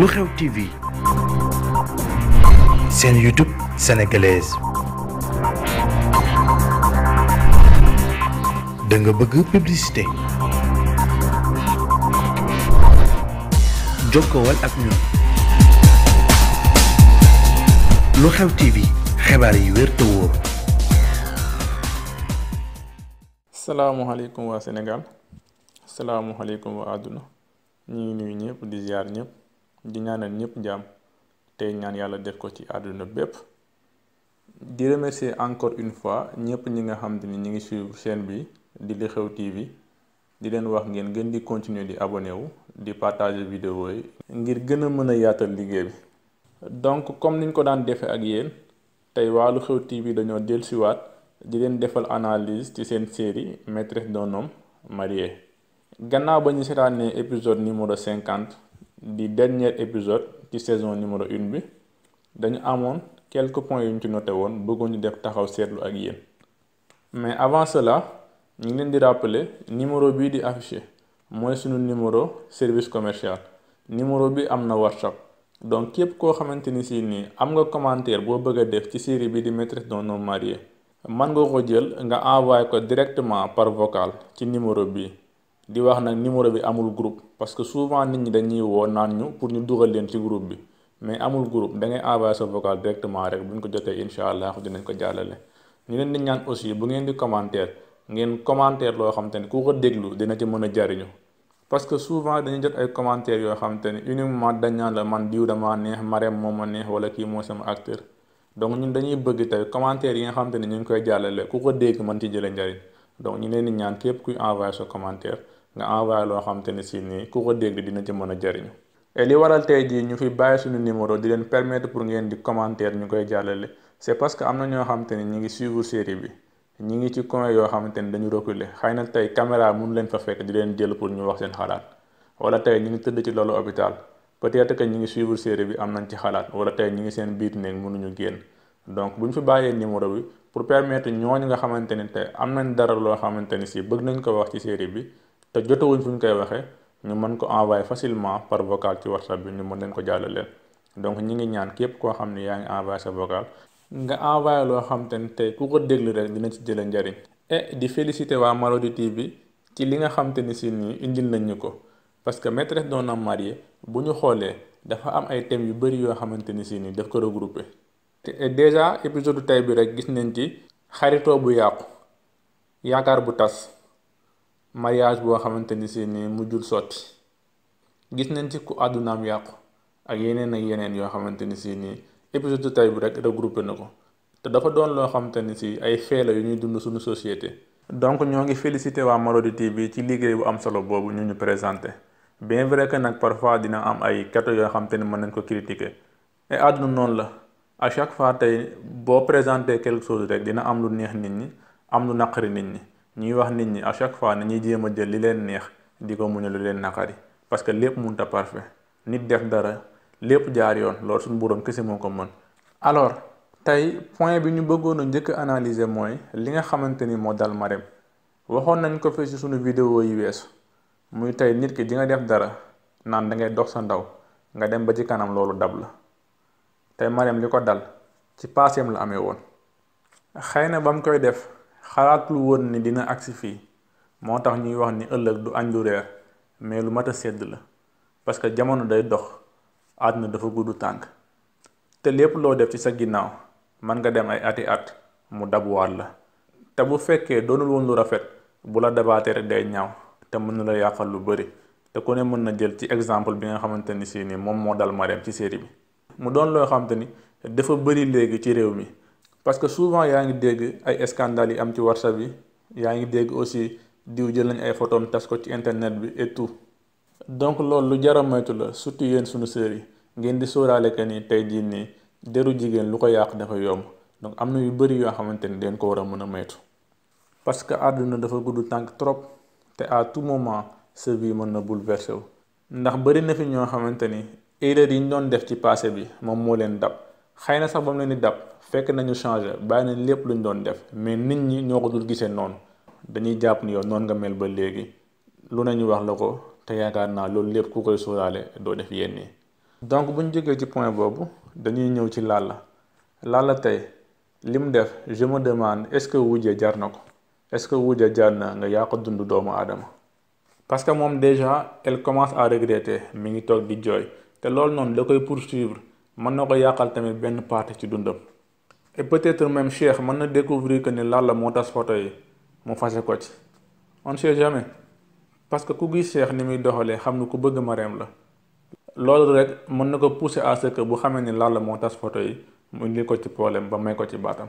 lu xew TV seen YouTube sénégalaise da nga bëgg publicité jokkowal ak ñun lu xew TV xibaar yi wér te wóor. salaamualeykum waa Sénégal salaamualeykum waa àdduna ñu ngi nuyu ñëpp di ñëpp. di ñaanal ñëpp jàmm tey ñaan yàlla def ko ci àdduna bépp di remercier encore une fois ñëpp ñi nga xam ni ñi ngi suivre seen bi di li xew TV di leen wax ngeen gën di continuer di abonné wu di partager vidéo yi ngir gën a mën a yaatal liggéey bi donc comme niñ ko daan defee ak yéen tey waa lu xew TV dañoo siwaat di leen defal analyse ci seen série maîtresse d'un homme marié gannaaw ba ñu seetaanee épisode numéro cinquante di dernier épisode ci saison numéro une bi dañu amoon quelque point yu ci noté woon bëggoon ñu def taxaw seetlu ak yéen mais avant cela ñu ngi leen di rappeler numéro bii di affiché mooy suñu numéro service commercial numéro bi am na whatsapp donc képp koo xamante ni si nii am nga commentaire boo bëgg a def ci série bi di maîtresse d'un homme marié mën nga ko jël nga envoyé ko directement par vocal ci numéro bii. di wax nag numéro bi amul group parce que souvent nit ñi dañuy woo naan ñu pour ñu dugal leen ci groupe bi mais amul group da ngay envoyé sa vocal directement rek bu ñu ko jotee incha allah dinañ ko jàllale. ñu leen di ñaan aussi bu ngeen di commentaire ngeen commentaire loo xam ne ku ko déglu dina ci mën a jariñu parce que souvent dañuy jot ay commentaires yoo xam ne uniquement dañ naan la man diw dama neex Marème moo ma neex wala kii moo sama acteur. donc ñun dañuy bëgg tey commentaire yi nga xam te ne ñu ngi koy jàllale ku ko dégg mën ci jëlee njariñ donc ñu leen di ñaan képp kuy envoyé sa commentaire nga envoyé loo xam ne si nii ku ko dégg dina ci mën a jariñu et li waral tey jii ñu fi bàyyi suñu numéro di leen permettre pour ngeen di commentaire ñu koy jàllale c'est parce que am na ñoo xam te ne ñi ngi suivre série bi ñi ngi ci coin yoo xamante ni dañu reculer xëy na tey caméra mun leen fa fekk di leen jël pour ñu wax seen xalaat wala tey ñi ngi tëdd ci loolu hôpital peut-être que ñi ngi suivre série bi am nañ ci xalaat wala tey ñi ngi seen biir néeg mënuñu génn donc bu ñu fi bàyyee numéro bi pour permettre ñooñu nga xamante ni tey am nañ dara loo xamante ni si bëgg nañ ko wax ci série bi te jotewuñ fu ñu koy waxee ñu mën ko envoyer facilement par vocal ci whatsapp bi ñu mën leen ko leen donc ñi ngi ñaan képp koo xam ne yaa ngi envoyer sa vocal nga envoyer loo xam te ne tey ku ko déglu rek dina ci jëlee njariñ et di féliciter waa Marodi TV ci li nga xam te ni si nii indil nañ ñu ko parce que maîtresse d'un homme marié bu ñu xoolee dafa am ay thèmes yu bëri yoo xamante ni si nii daf ko regroupé te déjà épisode tay bi rek gis nañ ci xaritoo bu yàqu yaakaar bu tas mariage boo xamante ni si ni mujjul sotti gis nañ ci ku àddunaam yàqu ak yeneen ak yeneen yoo xamante ni si nii épisode tay bi rek regroupé na ko te dafa doon loo xamante ni si ay feela yu ñuy dund suñu société donc ñoo ngi félicité waa Marodi TV ci liggéey bu am solo boobu ñu ñu présenté bien vrai que nag parfois dina am ay kato yoo xamante ni mën nañ ko critiquer et àdduna noonu la à chaque fois tey boo présenté quelque chose rek dina am lu neex nit ñi am lu naqari nit ñi ñuy wax nit ñi à chaque fois nañuy jéem a jël li leen neex di ko muñal lu leen naqari parce que lépp mun a parfait nit def dara lépp jaar yoon loolu suñu boroom kese moo ko mën. alors tey point bi ñu bëggoon a njëkk analyser mooy li nga xamante ni moo dal Marème waxoon nañ ko fi ci suñu vidéo yi weesu muy tey nit ki di nga def dara naan da ngay dox sa ndaw nga dem ba ci kanam loolu dab la tey Marème li ko dal ci paaseem la amee woon xëy na ba mu koy def. xalaatul woon ni dina agsi fii moo tax ñuy wax ni ëllëg du añ du reer mais lu mat a sedd la parce que jamono day dox na dafa gudd tànk te lépp loo def ci sa ginnaaw mën nga dem ay ati at mu dabuwaat la te bu fekkee doonul woon lu rafet bu la dabaatee rek day ñaw te mën na la yàqal lu bëri te ku ne mën na jël ci exemple bi nga xamante ni si ni moom moo dal ma ci série bi mu doon loo xamante ni dafa bëri léegi ci réew mi parce que souvent yaa ngi dégg ay scandales yi am ci WhatsApp yi yaa ngi dégg aussi diw jël nañ ay photos tas ko ci internet bi et tout donc loolu lu jar a moytu la surtout yéen suñu sœurs yi ngeen di sóoraale que ni tey jii nii deru jigéen lu ko yàq dafa yomb donc am na yu bëri yoo xamante ni dañ ko war a mën a moytu. parce que àdduna dafa gudd tànk trop te à tout moment sa vie mën na bouleversé wu. ndax bëri na fi ñoo xamante ni erreur yi ñu doon def ci passé bi moom moo leen dab. xëy na sax ba mu leen di dab fekk nañu changé bàyyi nañ lépp luñ doon def mais nit ñi ñoo ko dul gisee noonu dañuy jàpp ni yow noonu nga mel ba léegi lu ñu wax la ko te yaakaar naa loolu lépp ku koy sóoraale doo def yenn yi donc bu ñu jógee ci point boobu dañuy ñëw ci Lalla Lalla tey li mu def je me demande est-ce que wujje jar na ko est-ce que wujje jar na nga yaa ko dund doomu aadama parce que moom déjà elle commence à regretter mi ngi toog di jooy te loolu noonu da koy poursuivre mën na ko yàqal tamit benn partie ci dundam et peut-être même Cheikh mën na découvrir que ni Lalla moo tas photo yi mu fase ko ci on parce que ku gis Cheikh ni muy doxalee xam ne ku bëgg Marème la loolu rek mën na ko pousser à ce que bu xamee ni Lalla moo tas photo yi mu indi ko ci problème ba may ko ci baatam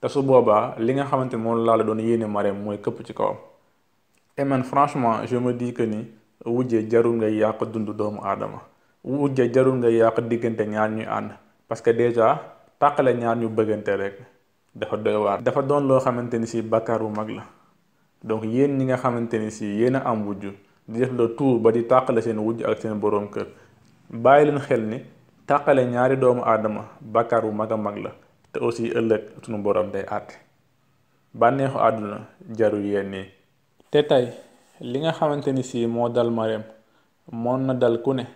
te su boobaa li nga xamante ni moom Lalla doon yéene Marème mooy këpp ci kawam et man franchement je me dis que ni wujjee jarul ngay yàq dundu doomu aadama wujja jarul nga yàq diggante ñaar ñuy ànd parce que déjà tàqale ñaar ñu bëggante rekk dafa doy dafa doon loo xamante ni si bàkkaar bu mag la donc yéen ñi nga xamante ni si yéen a am wujj di def le tour ba di tàqale seen wujj ak seen boroom kër bàyyi leen xel ni tàqale ñaari doomu aadama bàkkaar bu mag a mag la te aussi ëllëg suñu boroom day àtte bànneexu àdduna jarul yéen nii te tey li nga xamante ni si moo dal Marème moon na dal ku ne.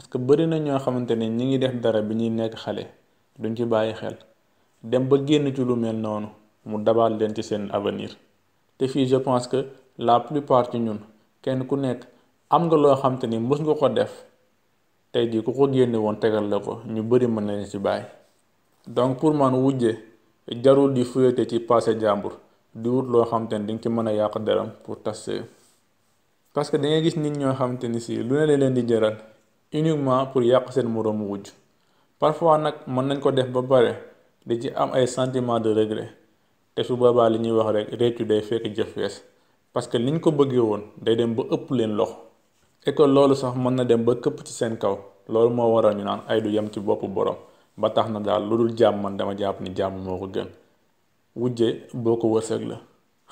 parce que bëri na ñoo xamante ne ñi ngi def dara bi ñuy nekk xale duñ ci bàyyi xel dem ba génn ci lu mel noonu mu dabaal leen ci seen avenir te fii je pense que la plus plupart ci ñun kenn ku nekk am nga loo xamante ni mës nga ko def tey jii ku ko génne woon tegal la ko ñu bëri mën nañu ci bàyyi. donc pour man wujje jarul di fuyete ci passé jàmbur di wut loo xamante ni dinga ci mën a yàq deram pour tas parce que da gis nit ñoo xamante ni si lu ne leen di jëral uniquement pour yàq seen moroomu wujj parfois nag mën nañ ko def ba pare di ci am ay sentiment de regret te su boobaa li ñuy wax rek réccu day fekk jëf fees parce que liñ ko bëggee woon day dem ba ëpp leen loxo et loolu sax mën na dem ba këpp ci seen kaw loolu moo waral ñu naan ay du yem ci boppu borom ba tax na daal lu dul jàmm man dama jàpp ni jàmm moo ko gën wujje boo ko wërsëg la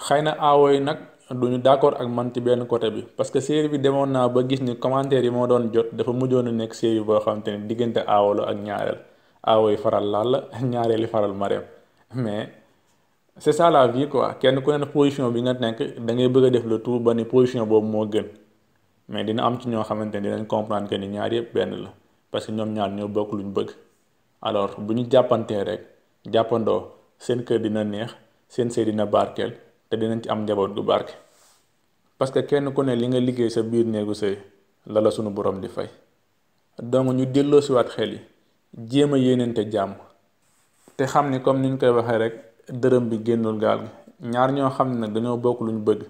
xëy na aawo nag duñu d'accord ak man ci benn côté bi parce que série bi demoon naa ba gis ni commentaire yi moo doon jot dafa mujjoon a nekk série boo xamante ne diggante aawalo ak ñaareel aawo yi faral laal la ñaareeli faral mareem mais c'est ça la vie quoi kenn ku ne position bi nga nekk da ngay bëgg a def le tout ba ni position boobu moo gën mais dina am ci ñoo xamante ne dinañ comprendre que ni ñaar yëpp benn la parce que ñoom ñaar ñoo bokk luñ bëgg alors bu ñu jàppantee rek jàppandoo seen kër dina neex seen sëy dina te dinañ ci am njaboot gu barke parce que kenn ku ne li nga liggéey sa biir néegu sëy lala la sunu borom di fay donc ñu delloo siwaat xel yi jéem a yéenante jàmm te xam ni comme ni ñu koy waxee rek dërëm bi génnul gaal gi ñaar ñoo xam ne nag dañoo bokk lu ñu bëgg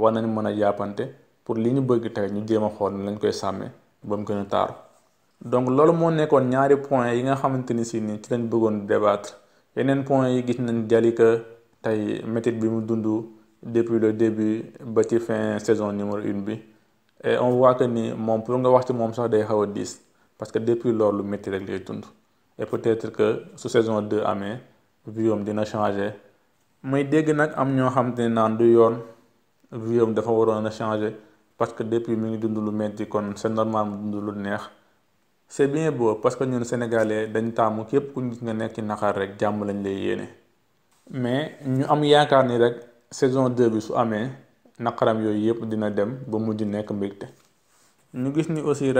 war nañ mën a jàppante pour li ñu bëgg tey ñu jéem a xool ne lañ koy sàmmee ba mu gën a taaru donc loolu moo nekkoon ñaari point yi nga xamante ni si nii ci lañ bëggoon débattre yeneen point yi gis nañ jalika tey métit bi mu dund depuis le début ba ci fin saison numéro une bi et on voit que ni moom pour nga wax ci moom sax day xaw a diis parce que depuis loolu métti rek lay dund et peut-être que su saison deux amee viom dina changer may dégg nag am ñoo xam ne naan du yoon viom dafa waroon a changer parce que depuis mi ngi dund lu métti kon seen normal mu dund lu neex c'est bien beau parce que ñun sénégalais dañ taamu képp ku nit nga nekk ci naqar rek jàmm lañ lay yéene. mais ñu am yaakaar ni rek saison 2 bi su amee naqaram yooyu yëpp dina dem ba mujj nekk mbégte ñu gis ni aussi yi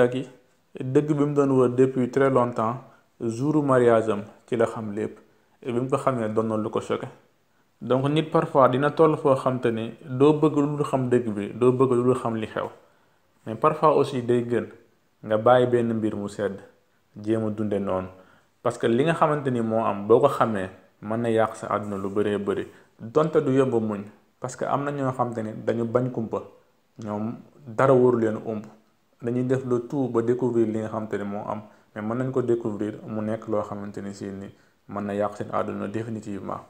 dëgg bi mu doon wër depuis très longtemps jouru mariage am ci la xam lépp bi mu ko xamee doon na lu ko choqué donc nit parfois dina toll foo xam te ni doo bëgg lu dul xam dëgg bi doo bëgg lu dul xam li xew mais parfois aussi day gën nga bàyyi benn mbir mu sedd jéem a dunde noonu parce que li nga xamante ni moo am boo ko xamee mën na yàq sa àdduna lu bëree bëri donte du yomb muñ parce que am na ñoo xam te ne dañu bañ kumpa ñoom dara waru leen umb dañuy def le tout ba découvrir li nga xam ne moo am mën nañ ko découvrir mu nekk loo xamante ni si ni mën na yàq seen àdduna définitivement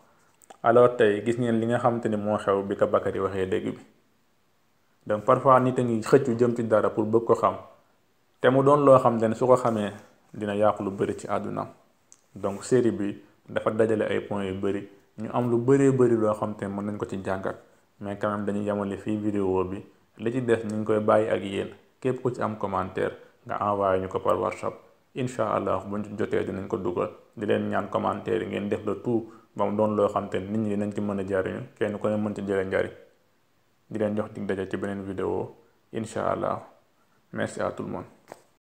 alors tey gis ngeen li nga xamante ni moo xew bi ko Bakary waxee dégg bi donc parfois nit a ngi xëccu jëm ci dara pour bëgg ko xam te mu doon loo xam te ne su ko xamee dina yàqu lu bëri ci àdduna donc série bi dafa dajale ay point yu bëri ñu am lu bëree bëri loo xam te mën nañ ko ci jàngat mais quand même dañuy yemale fii vidéo bi li ci des ñu ngi koy bàyyi ak yéen képp ku ci am commentaire nga envoyé ñu ko par whatsapp incha allah buñ ci jotee dinañ ko dugal di leen ñaan commentaire yi ngeen def le tout ba mu doon loo xam te nit ñi dinañ ci mën a jariñu kenn ku ne mën ci jëlee njariñ di leen jox dig daje ci beneen vidéo incha allah merci à tout